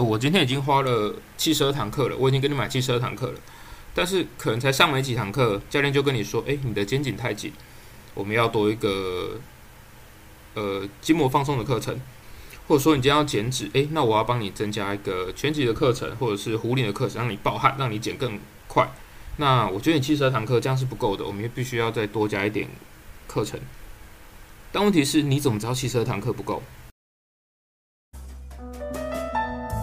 我今天已經花了七十二堂課了，我已經跟你買七十二堂課了，但是可能才上沒幾堂課，教練就跟你說，哎，你的肩頸太緊，我們要多一個呃筋膜放鬆的課程，或者說你今天要減脂，哎，那我要幫你增加一個拳擊的課程，或者是壺鈴的課程，讓你爆汗，讓你減更快。那我覺得你七十二堂課這樣是不夠的，我們必須要再多加一點課程。但問題是，你怎麼知道七十二堂課不夠？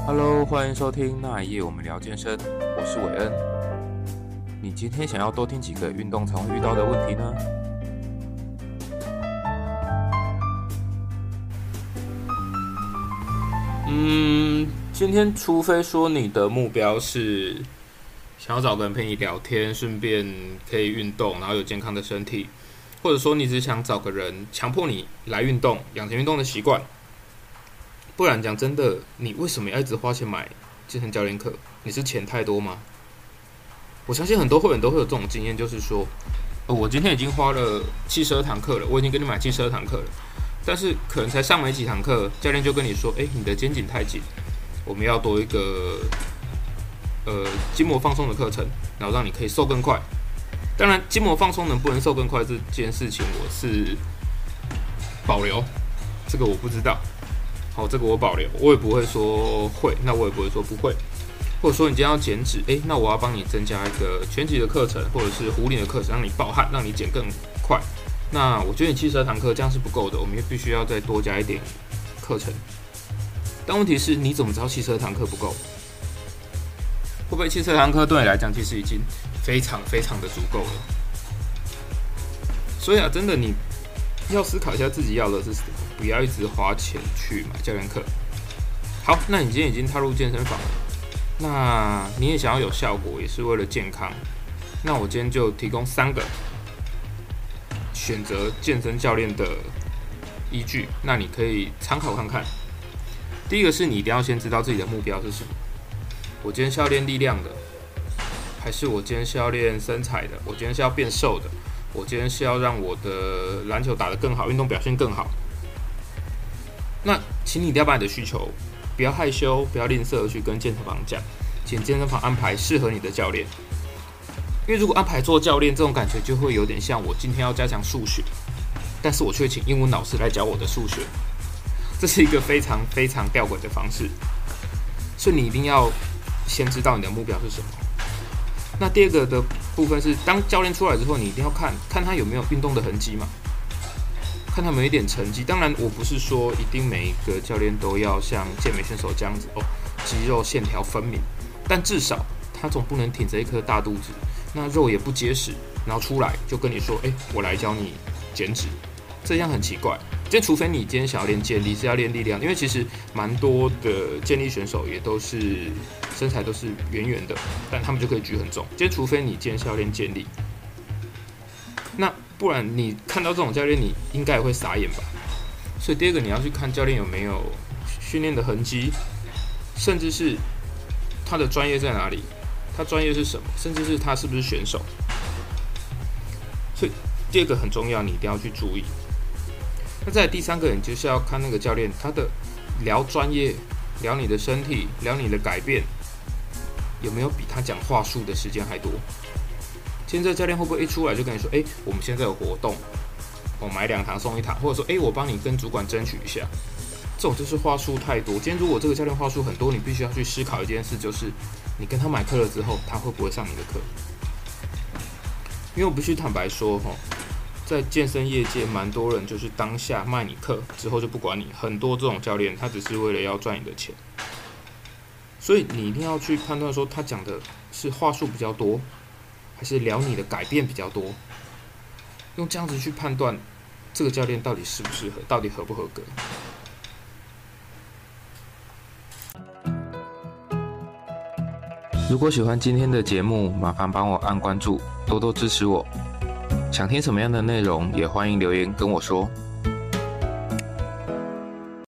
Hello，歡迎收聽那一夜我們聊健身，我是偉恩。你今天想要多聽幾個運動常遇到的問題呢？嗯，今天除非說你的目標是想要找個人陪你聊天，順便可以運動，然後有健康的身體，或者說你只想找個人強迫你來運動，養成運動的習慣。不然講真的，你為什麼要一直花錢買健身教練課？你是錢太多嗎？我相信很多會員都會有這種經驗，就是說，呃，我今天已經花了七十二堂課了，我已經跟你買七十二堂課了，但是可能才上沒幾堂課，教練就跟你說，誒、欸，你的肩頸太緊，我們要多一個呃筋膜放鬆的課程，然後讓你可以瘦更快。當然，筋膜放鬆能不能瘦更快這件事情，我是保留，這個我不知道。好、哦，這個我保留，我也不會說會，那我也不會說不會，或者說你今天要減脂，誒、欸。那我要幫你增加一個拳擊的課程，或者是壺鈴的課程，讓你暴汗，讓你減更快。那我覺得你七十二堂課這樣是不夠的，我們必須要再多加一點課程。但問題是你怎麼知道七十二堂課不夠？會不會七十二堂課對你來講其實已經非常非常的足夠了？所以啊，真的你。要思考一下自己要的是什麼，不要一直花錢去買教練課。好，那你今天已經踏入健身房了，那你也想要有效果，也是為了健康。那我今天就提供三個選擇健身教練的依據，那你可以參考看看。第一個是你一定要先知道自己的目標是什麼。我今天是要練力量的，還是我今天是要練身材的？我今天是要變瘦的。我今天是要讓我的籃球打得更好，運動表現更好。那，請你一定要把你的需求，不要害羞，不要吝嗇，去跟健身房講，請健身房安排適合你的教練。因為如果安排做教練，這種感覺就會有點像我今天要加強數學，但是我卻請英文老師來教我的數學，這是一個非常非常吊詭的方式。所以你一定要先知道你的目標是什麼。那第二個的部分是，當教練出來之後，你一定要看看他有沒有運動的痕跡嘛，看他有沒有一點成績。當然，我不是說一定每一個教練都要像健美選手這樣子哦，肌肉線條分明，但至少他總不能挺着一顆大肚子，那肉也不結實，然後出來就跟你說，哎、欸，我來教你減脂，這樣很奇怪。這除非你今天想要練健力，是要練力量，因為其實蠻多的健力選手也都是身材都是圓圓的，但他們就可以舉很重。這除非你今天是要練健力，那不然你看到這種教練，你應該也會傻眼吧。所以，第二個你要去看教練有沒有訓練的痕跡，甚至是他的專業在哪裡，他專業是什麼，甚至是他是不是選手。所以，第二個很重要，你一定要去注意。那在第三個人就是要看那個教練，他的聊專業、聊你的身體、聊你的改變，有沒有比他講話術的時間還多？現在教練會不會一出來就跟你說：“誒，我們現在有活動，我買兩堂送一堂，或者說，誒，我幫你跟主管爭取一下。”這種就是話術太多。今天如果這個教練話術很多，你必須要去思考一件事，就是你跟他買課了之後，他會不會上你的課？因為我必須坦白說，吼。在健身業界，蠻多人就是當下賣你課，之後就不管你。很多這種教練，他只是為了要賺你的錢，所以你一定要去判斷說，他講的是話術比較多，還是聊你的改變比較多。用這樣子去判斷，這個教練到底適不適合，到底合不合格。如果喜歡今天的節目，麻煩幫我按關注，多多支持我。想聽什麼樣的內容，也歡迎留言跟我說。